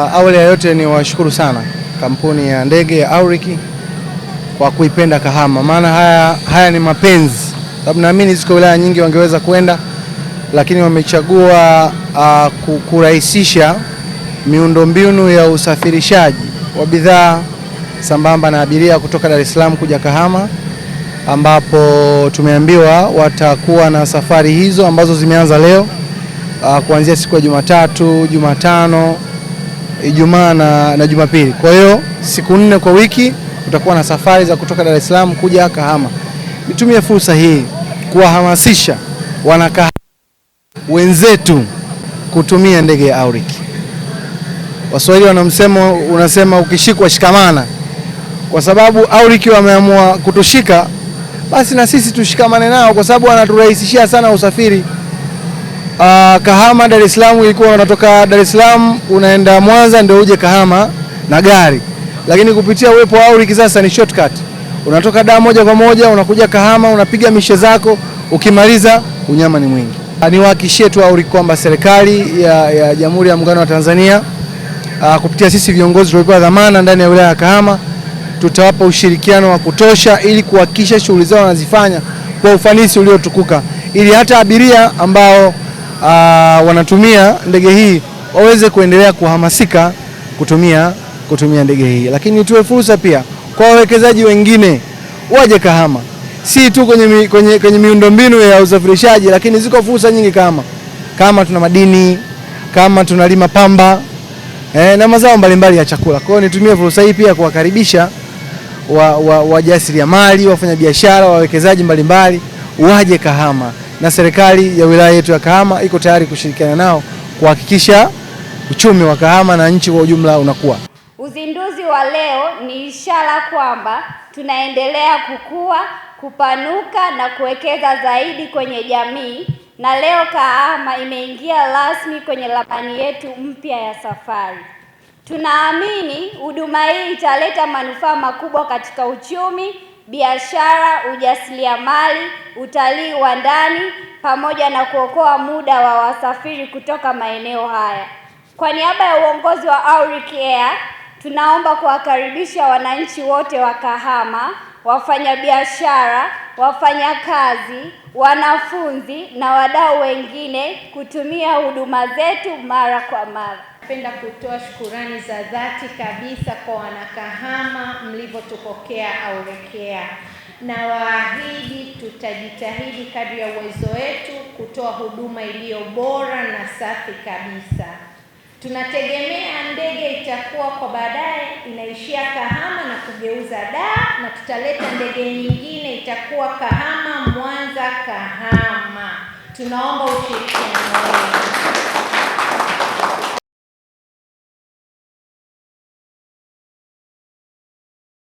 Uh, awali ya yote ni washukuru sana kampuni ya ndege ya Auric kwa kuipenda Kahama, maana haya, haya ni mapenzi, sababu naamini ziko wilaya nyingi wangeweza kwenda, lakini wamechagua uh, kurahisisha miundombinu ya usafirishaji wa bidhaa sambamba na abiria kutoka Dar es Salaam kuja Kahama, ambapo tumeambiwa watakuwa na safari hizo ambazo zimeanza leo uh, kuanzia siku ya Jumatatu, Jumatano Ijumaa na, na Jumapili. Kwa hiyo siku nne kwa wiki utakuwa na safari za kutoka Dar es Salaam kuja Kahama. Nitumie fursa hii kuwahamasisha wanakahama wenzetu kutumia ndege ya Auric. Waswahili wanamsema unasema ukishikwa shikamana. Kwa sababu Auric wameamua kutushika, basi na sisi tushikamane nao, kwa sababu wanaturahisishia sana usafiri. Uh, Kahama Dar es Salaam ilikuwa unatoka Dar es Salaam unaenda Mwanza ndio uje Kahama na gari, lakini kupitia uwepo wa Auric sasa ni shortcut, unatoka da moja kwa moja unakuja Kahama, unapiga mishe zako, ukimaliza unyama ni mwingi. Ah, Niwahakishie tu Auric kwamba serikali ya, ya Jamhuri ya Muungano wa Tanzania uh, kupitia sisi viongozi tuliopewa dhamana ndani ya wilaya ya Kahama tutawapa ushirikiano wa kutosha ili kuhakikisha shughuli zao wanazifanya kwa ufanisi uliotukuka ili hata abiria ambao uh, wanatumia ndege hii waweze kuendelea kuhamasika kutumia, kutumia ndege hii, lakini tuwe fursa pia kwa wawekezaji wengine waje Kahama, si tu kwenye, mi, kwenye, kwenye miundombinu ya usafirishaji, lakini ziko fursa nyingi Kahama. Kahama tuna madini, Kahama tunalima pamba eh, na mazao mbalimbali ya chakula. Kwa hiyo nitumie fursa hii pia kuwakaribisha wajasiriamali wa, wa wafanya wawekezaji mbalimbali waje Kahama na serikali ya wilaya yetu ya Kahama iko tayari kushirikiana nao kuhakikisha uchumi wa Kahama na nchi kwa ujumla unakuwa. Uzinduzi wa leo ni ishara kwamba tunaendelea kukua, kupanuka na kuwekeza zaidi kwenye jamii na leo Kahama imeingia rasmi kwenye ramani yetu mpya ya safari. Tunaamini huduma hii italeta manufaa makubwa katika uchumi biashara, ujasiriamali, utalii wa ndani pamoja na kuokoa muda wa wasafiri kutoka maeneo haya. Kwa niaba ya uongozi wa Auric Air tunaomba kuwakaribisha wananchi wote wa Kahama wafanyabiashara, wafanyakazi, wanafunzi na wadau wengine kutumia huduma zetu mara kwa mara. Napenda kutoa shukurani za dhati kabisa kwa Wanakahama mlivyotupokea Aurekea. Nawaahidi tutajitahidi kadri ya uwezo wetu kutoa huduma iliyo bora na safi kabisa. Tunategemea ndege itakuwa kwa baadaye inaishia Kahama na kugeuza da, na tutaleta ndege nyingine itakuwa Kahama Mwanza Kahama. Tunaomba ushirikiano wenu.